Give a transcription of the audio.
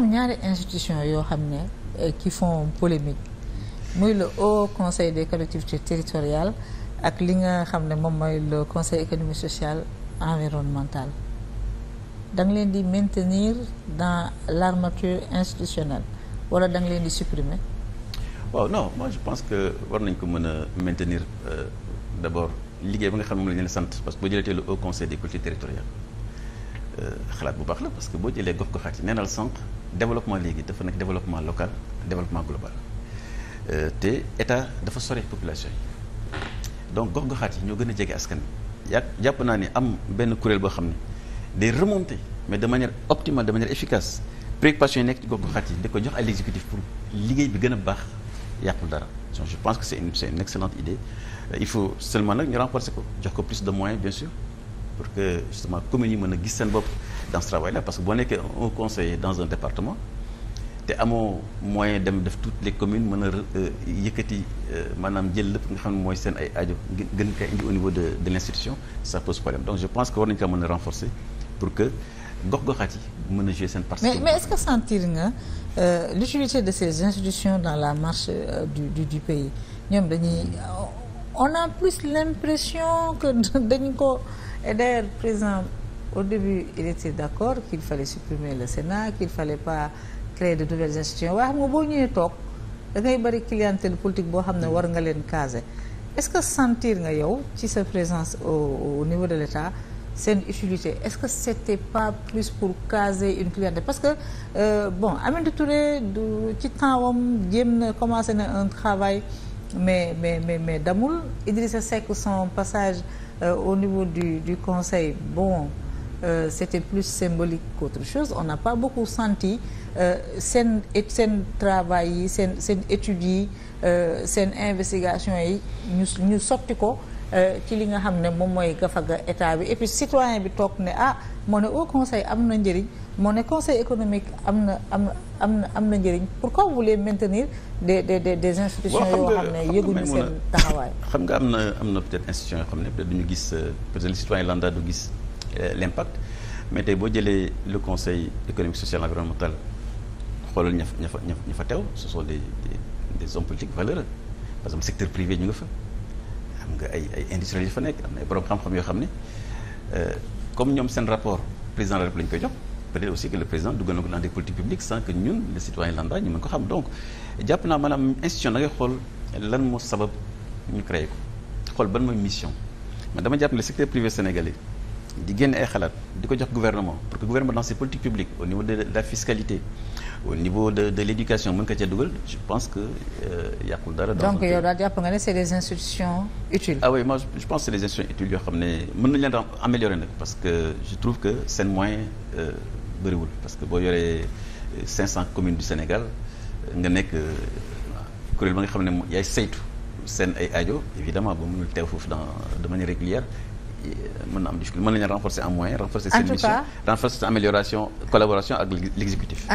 am ñaari institution yoo xam ne euh, qui font polémique muy le haut conseil des collectivités territorial ak li nga xam ne moom mooy le conseil économique social environnemental da nga leen di maintenir dans l'armature institutionnelle wala danga leen di supprimer waaw non moi je pense que war nañ ko mën a maintenir euh, d'abord liggéey bi nga xam ne moom la sant parce que boo jëlee le haut conseil des collectivités territoriales xalaat bu baax la parce que boo jëlee gox goxaat yi neenal sànq développement léegi dafa nekk développement local développement global euh, te état dafa sori population yi donc gox goxaat yi ñoo gën a jege askan wi. yaa jàpp naa ni am benn kuréel boo xam ne day remonter mais de manière optimale de manière efficace préoccupation yi nekk ci gox goxaat yi di ko jox à l'exécutif pour liggéey bi gën a baax yàqul dara. donc je pense que c'est une c'est une excellente euh, faut seulement nag ko jox ko plus de moyens bien sûr. pour que justement communes yi mën a gis seen bopp dans ce travail parce que boo nekkee un conseiller dans un département te amoo moyen dem def toutes les communes mën a euh, yëkkati euh, maanaam jël lépp nga xam ne mooy seen ay aajo gën kay indi au niveau de de l' pose problème donc je pense que war nañu ko mën a renforcer pour que gox-goxaat yi mën a jouer seen partie. mais est que sentir nga euh, l'utilité de ces institutions dans la marche on a plus l'impression que dañu ko et d'ailleurs président au début il était d'accord qu'il fallait supprimer le Sénat qu'il fallait pas créer de nouvelles institutions waaye xam nga boo ñëwee toog da ngay bëri clientèle politique boo xam ne war nga leen caser est-ce que sentir nga yow ci sa présence au, au niveau de l'État seen utilité est-ce que c'était pas plus pour caser une clientèle parce que euh, bon Aminata Touré du ci temps am jéem na commencé na un travail mais mais mais mais damul Idrissa Seck son passage euh, au niveau di du conseil bon euh, c'était plus symbolique qu'autre chose on n'a pas beaucoup santi euh, seen seen travail yi seen seen études yi euh, seen investigation yi ñu ñu sotti ko Euh, ci li nga xam ne moom mooy gafaga état bi et puis citoyen bi toog ne ah moo ne au oh, conseil am na njëriñ moo ne conseil économique am na am na am na am na njëriñ pourquoi vous voulez maintenir des des des, des institutions yoo xam ne yëguñu seen taxawaay xam nga am na am na peut-être institution yoo xam ne peut-être duñu gis euh, peut-être le citoyen lambda du gis euh, l'impact mais tey boo jëlee le conseil économique social environnemental xoolal ña fa ña fa ña fa teew ce sont des des des hommes politiques valeureux par secteur privé ñu nga fa nga ay ay industriels yu fa nekk am xam-xam yoo xam ne euh, comme ñoom seen rapport président de la République lañ koy jox peut-être aussi que le président dugal na ko dans des politiques publiques que ñun les citoyens lambda ñu mën ko xam donc jàpp naa maanaam institution da ngay xool lan moo sabab ñu créé ko xool ban mooy mission ma dama jàpp ne le secteur privé sénégalais di génne ay xalaat di ko jox gouvernement pour que gouvernement dans ses politiques publiques au niveau de la fiscalité au niveau de de mën ko ca dugal je pense que euh, yàqul dara. donc yow daal jàpp nga ne c' est des institutions utiles. ah oui moi je pense que c' est des institutions utiles yoo xam ne mën nañu leen améliorer nag parce que je trouve que seen moyen euh, bëriwul parce que boo yoree 500 euh, commune du Sénégal nga nekk kuréel ba nga xam ne yaay saytu seen ay aajo évidemment ba mënul teew foofu dans de manière régulière Euh, mën na am difficulté renforcer en moyen renforcer seen renforcer amélioration collaboration ak l'exécutif